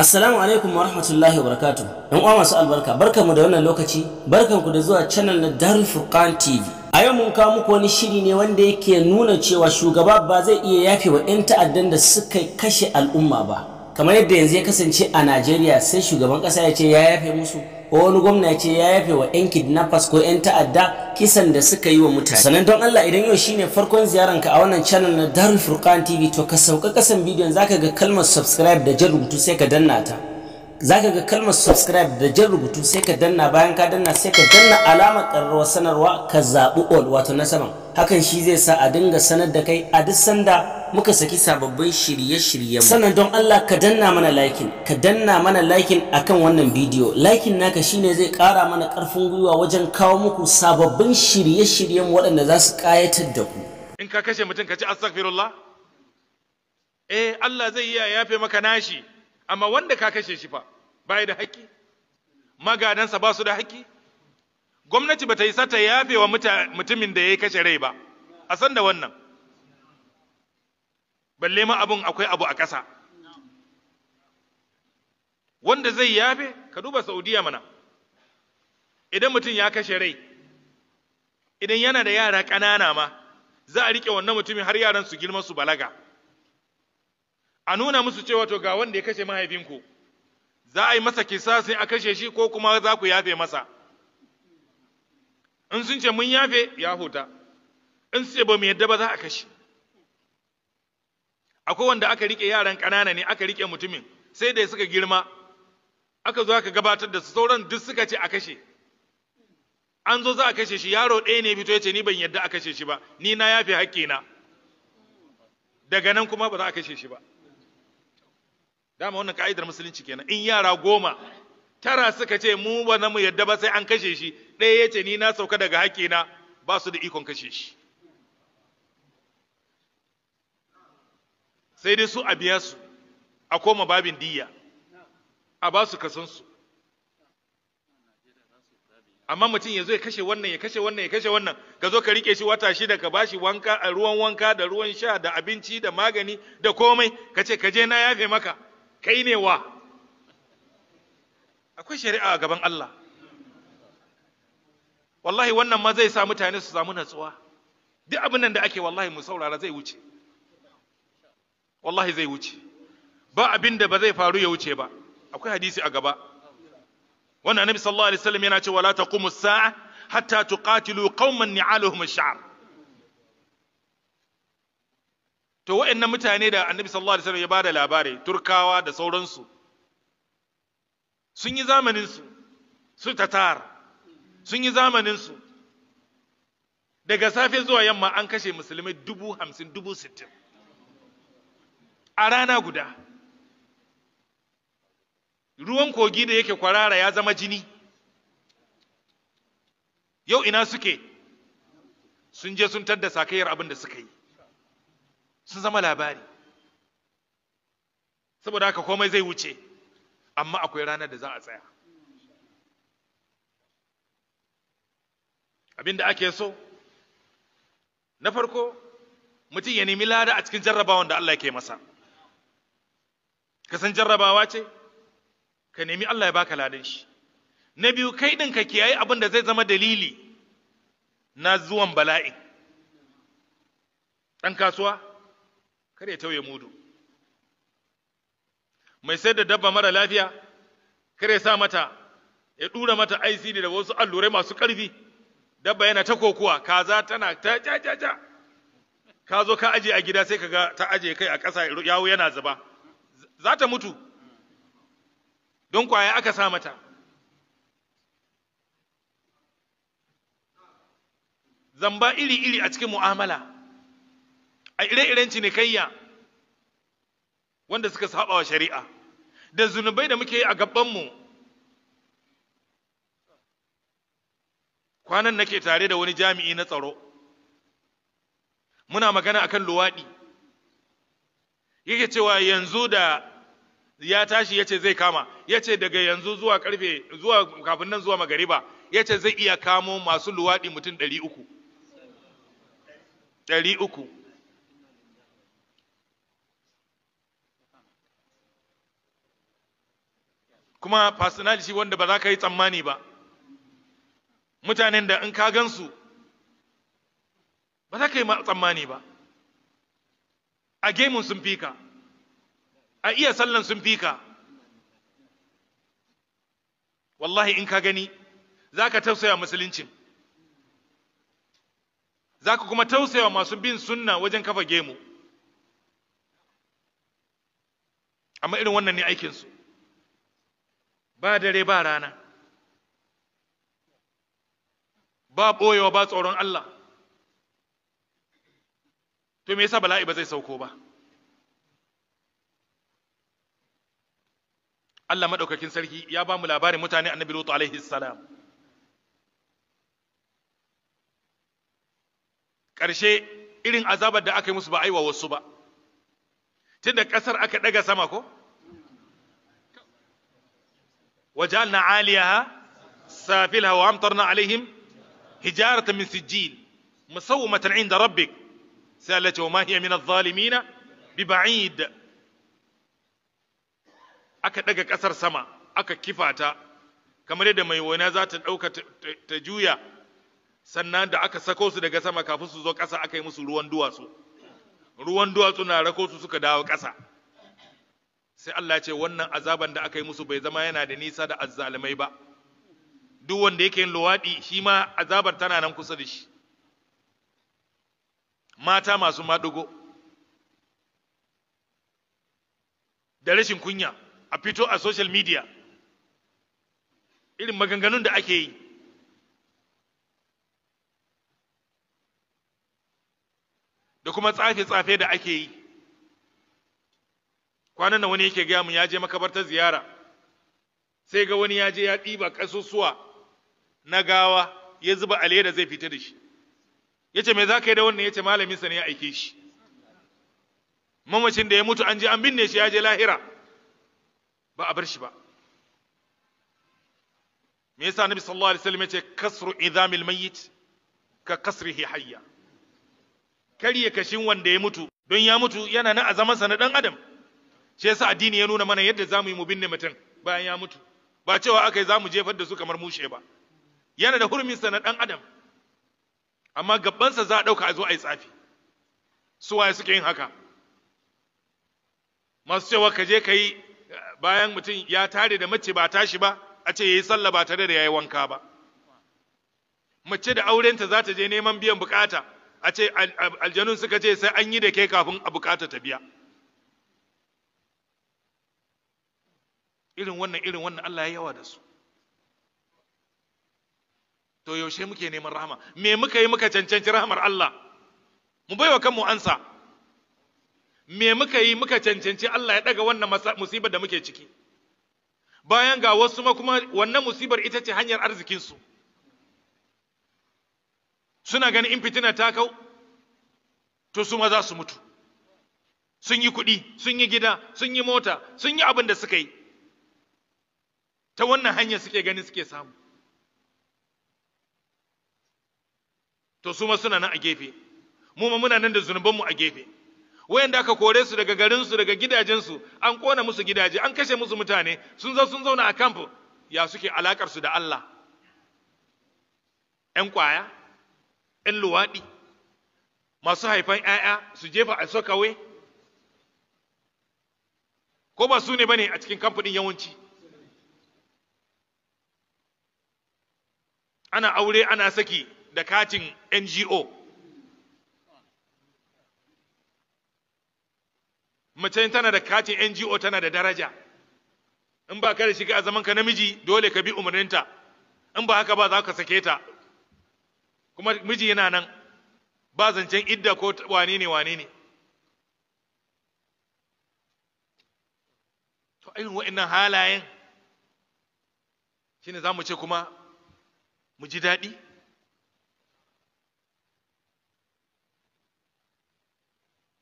Assalamu alaikum wa rahmatullahi wa barakatu. Yan uwa masu albarka, mu da wannan lokaci, barkanku da zuwa channel na Darul Furqan TV. A yau mun kawo muku wani shiri ne wanda yake nuna cewa shugaba ba zai iya yafe wa 'yan ta'addan da suka kashe al'umma ba. Kamar yadda yanzu ya kasance a Najeriya sai shugaban ƙasa ya ce ya yafe musu. wani gwamna ce ya yafe wa 'yan kidnappers ko 'yan ta'adda kisan da suka yi wa mutane sannan don Allah idan yau shine farkon ka a wannan channel na Darul Furqan TV to ka sauka kasan bidiyon zaka ga kalmar subscribe da jan rubutu sai ka danna ta zaka ga kalmar subscribe da jan rubutu sai ka danna bayan ka danna sai ka danna alamar karrawa sanarwa ka zaɓi all wato na saman hakan shi zai sa a dinga sanar da kai a duk sanda muka saki sababbin shirye-shiryen sannan don Allah ka danna mana laikin ka danna mana laikin akan wannan bidiyo Lakin naka shine zai kara mana karfin gwiwa wajen kawo muku sababbin shirye-shiryen waɗanda za su kayatar da ku in ka kashe mutum ka ci astaghfirullah eh Allah zai iya yafe maka nashi amma wanda ka kashe shi fa bai da haƙƙi magadansa ba su da haƙƙi gwamnati ba ta yi sata yafe wa mutumin da ya kashe rai ba a san da wannan balle ma abun akwai abu a ƙasa wanda zai yafe ka duba saudiya mana idan mutum ya kashe rai idan yana da yara ƙanana ma za a riƙe wannan mutumin har yaran su girma su balaga a nuna musu cewa to ga wanda ya kashe mahaifinku za a yi masa kisa sai a kashe shi ko kuma za ku yafe masa in sun ce mun yafe ya huta in su ce ba mu yadda ba za a kashe akwai wanda aka rike yaran ƙanana ne aka rike mutumin sai da suka girma aka zo aka gabatar da su sauran duk suka ce a kashe an zo za a kashe shi yaro ɗaya ne fito ya ce ni ban yadda a kashe shi ba ni na yafe na, daga nan kuma ba za a kashe shi ba dama wannan ka'idar musulunci kenan in yara goma tara suka ce mu ba na mu yadda ba sai an kashe shi ɗaya ya ce ni na sauka daga na, ba su da ikon kashe shi sai dai su a biya su a koma babin diya a ba su kasan su amma mutum ya zo ya kashe wannan ya kashe wannan ya kashe wannan ka zo ka rike shi wata shida ka ba shi wanka a ruwan wanka da ruwan sha da abinci da magani da komai ka ce ka je na yafe maka kai ne wa akwai shari'a a gaban Allah wallahi wannan ma zai sa mutane su samu natsuwa duk abin nan da ake wallahi mu saurara zai wuce wallahi zai wuce ba abin da ba zai faru ya wuce ba akwai hadisi a gaba wannan annabi sallallahu alaihi wasallam yana cewa la taqumu sa'a hatta tuqatilu qauman ni'aluhum ash to wa'annan mutane da annabi sallallahu alaihi wasallam ya bada labari turkawa da sauransu sun yi zamanin su su tatar sun yi zamanin su daga safe zuwa yamma an kashe musulmai dubu hamsin dubu sittin a rana guda ruwan kogi da yake kwarara ya zama jini yau ina suke sun je sun tadda sakayyar abin da suka yi sun zama labari saboda haka komai zai wuce amma akwai ranar da za a tsaya abin da ake so na farko mutum ya nemi lada a cikin jarrabawan da Allah ke masa Kasan jarrabawa ce ka nemi Allah ya baka ladan shi na biyu kai din ka kiyaye abin da zai zama dalili na zuwan bala'i. ɗan kasuwa kar ya tauye mudu mai sayar da dabba mara lafiya kar ya sa mata ya ɗura mata ICD da wasu allurai masu ƙarfi dabba yana ta kokuwa kaza tana ta ja ja ja ka zo ka aje a gida sai ka ga ta aje kai a ƙasa yawo yana zuba za ta mutu don kwaya aka sa mata zamba iri-iri a cikin mu'amala a ire-iren cinikayya wanda suka saba wa shari'a da zunubai da muke yi a gabanmu kwanan nake tare da wani jami'i na tsaro muna magana akan luwaɗi yake cewa yanzu da ya tashi yace zai kama yace daga yanzu zuwa karfe zuwa kafin nan zuwa magariba yace zai iya kamo masu luwaɗi mutum ɗari uku ɗari uku kuma personality wanda ba za ka yi tsammani ba mutanen da in ka gansu ba za ka yi tsammani ba a gemun sun fi ka a iya sallan sun fika wallahi in ka gani za ka tausaya musuluncin za ka kuma tausaya masu bin sunna wajen kafa gemu amma irin wannan ne aikinsu ba dare ba rana ba ɓoyewa ba tsoron Allah to me yasa bala'i ba zai sauko ba Allah maɗaukakin sarki ya ba mu labarin mutane annabi Lutu alaihi salam ƙarshe irin azabar da aka yi musu ba aiwa wasu ba Tinda ƙasar aka ɗaga sama ko wajalna safil hawa wa na alaihim hijarata min sijil musawwamatan inda rabbik sai Allah ce wa ma hiya min bi ba'id aka ɗaga ƙasar sama aka kifata. ta kamar yadda mai waina za ta ɗauka ta juya sannan da aka sako su daga sama kafin su zo ƙasa aka yi musu ruwan duwatsu ruwan duwatsu na rako su suka dawo ƙasa sai Allah ce wannan azaban da aka yi musu bai zama yana da nisa da azzalumai ba duk wanda yake yin luwaɗi shi ma azabar tana nan kusa da shi mata masu madugo da rashin kunya a fito a social media irin maganganun da ake yi da kuma tsafe-tsafe da ake yi kwanan nan wani yake gaya mu ya je makabartar ziyara sai ga wani ya je ya ɗiba ƙasusuwa na gawa ya zuba a da zai fita da shi ya ce me za ka yi da wannan ya ce malaminsa ne ya aike shi mamacin da ya mutu an je an binne shi ya je lahira ba a bar shi ba me yasa nabi sallallahu alaihi wasallam yace kasru idamil mayyit ka kasrihi hayya kariye kashin wanda ya mutu don ya mutu yana nan a sa na dan adam shi yasa addini ya nuna mana yadda zamu yi mu binne mutum bayan ya mutu ba cewa akai zamu jefar da su kamar mushe ba yana da hurmin sa na dan adam amma gabban sa za a dauka a zo a yi tsafi su waye suke yin haka masu cewa ka je ka yi bayan mutum ya tare da mace ba tashi ba a ce yayi sallah ba tare da yayi wanka ba mace da aurenta za ta je neman biyan bukata a ce aljanun suka ce sai an yi da ke kafin a bukata ta biya irin wannan irin wannan Allah ya yawa da su to yaushe muke neman rahama me muka yi muka cancanci rahamar Allah mu baiwa kanmu ansa me muka yi muka cancanci Allah ya ɗaga wannan musibar da muke ciki bayan ga wasu ma kuma wannan musibar ita ce hanyar arzikinsu suna ganin in fitina ta kau to su ma za su mutu sun yi kuɗi sun yi gida sun yi mota sun yi abin da suka yi ta wannan hanyar suke gani suke samu to su ma suna nan a gefe mu ma muna nan da zunubanmu a gefe wayanda aka kore su daga garinsu daga gidajensu an kona musu gidaje an kashe musu mutane sun zo sun zauna a camp ya suke alakar su da Allah ƴan kwaya ƴan luwaɗi masu haifan ƴaƴa su jefa a sokawe ko ba su ne bane a cikin din yawanci ana aure ana saki da katin NGO mace tana da katin NGO tana da daraja in ba ka da shiga a zaman ka namiji dole ka bi umarninta in ba haka ba za ka sake ta kuma miji yana nan ba zancen idda ko wane ne wane ne to irin wa'annan halayen shine za mu ce kuma mu ji daɗi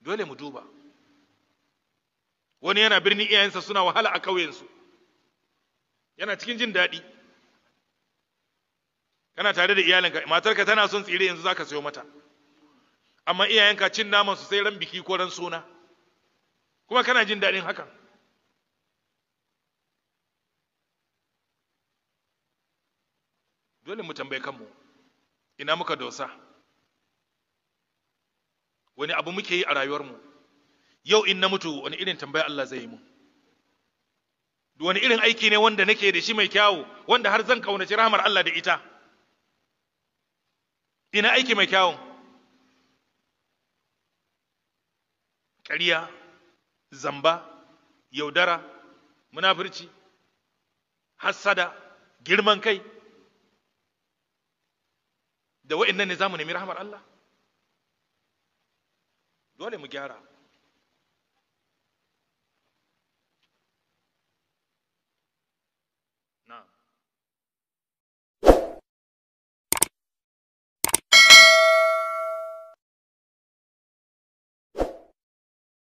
dole mu duba wani yana birni iyayensa suna wahala a ƙauyensu yana cikin jin daɗi kana tare da iyalinka matarka tana son tsire yanzu zaka sayo mata amma iyayenka cin naman su sai ran biki ko ran suna kuma kana jin daɗin hakan dole mu tambaye kanmu ina muka dosa wani abu muke yi a rayuwarmu mu yau in na mutu wani irin tambaya Allah zai yi mu wani irin aiki ne wanda nake da shi mai kyawu wanda har zan kaunaci rahmar Allah da ita ina aiki mai kyawun ƙarya zamba yaudara munafurci hassada girman kai da wa'in nan ne za mu nemi rahmar Allah dole mu gyara